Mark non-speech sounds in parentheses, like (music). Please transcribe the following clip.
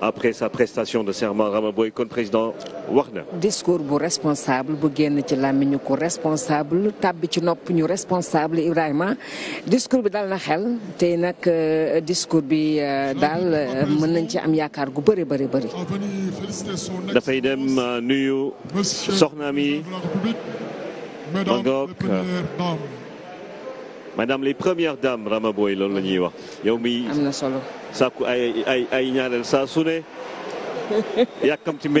après sa prestation de serment Rama Boy kon président wax na. discours bu responsable bu génn ci làmmiñu ko responsable tàbbi ci nopp ñu responsable Ibrahima discours bi dal na xel tey nag euh, discours bi euh, daal euh, mën nañ ci am yaakaar gu bëri bëri bëri. dafay dem nuyu soxnaam yi. maanaam les premières dames Rama Boy loolu la ñuy wax. yow mi am na solo. sàkku ay ay ay ñaareel saa su ne yàkkamti (laughs)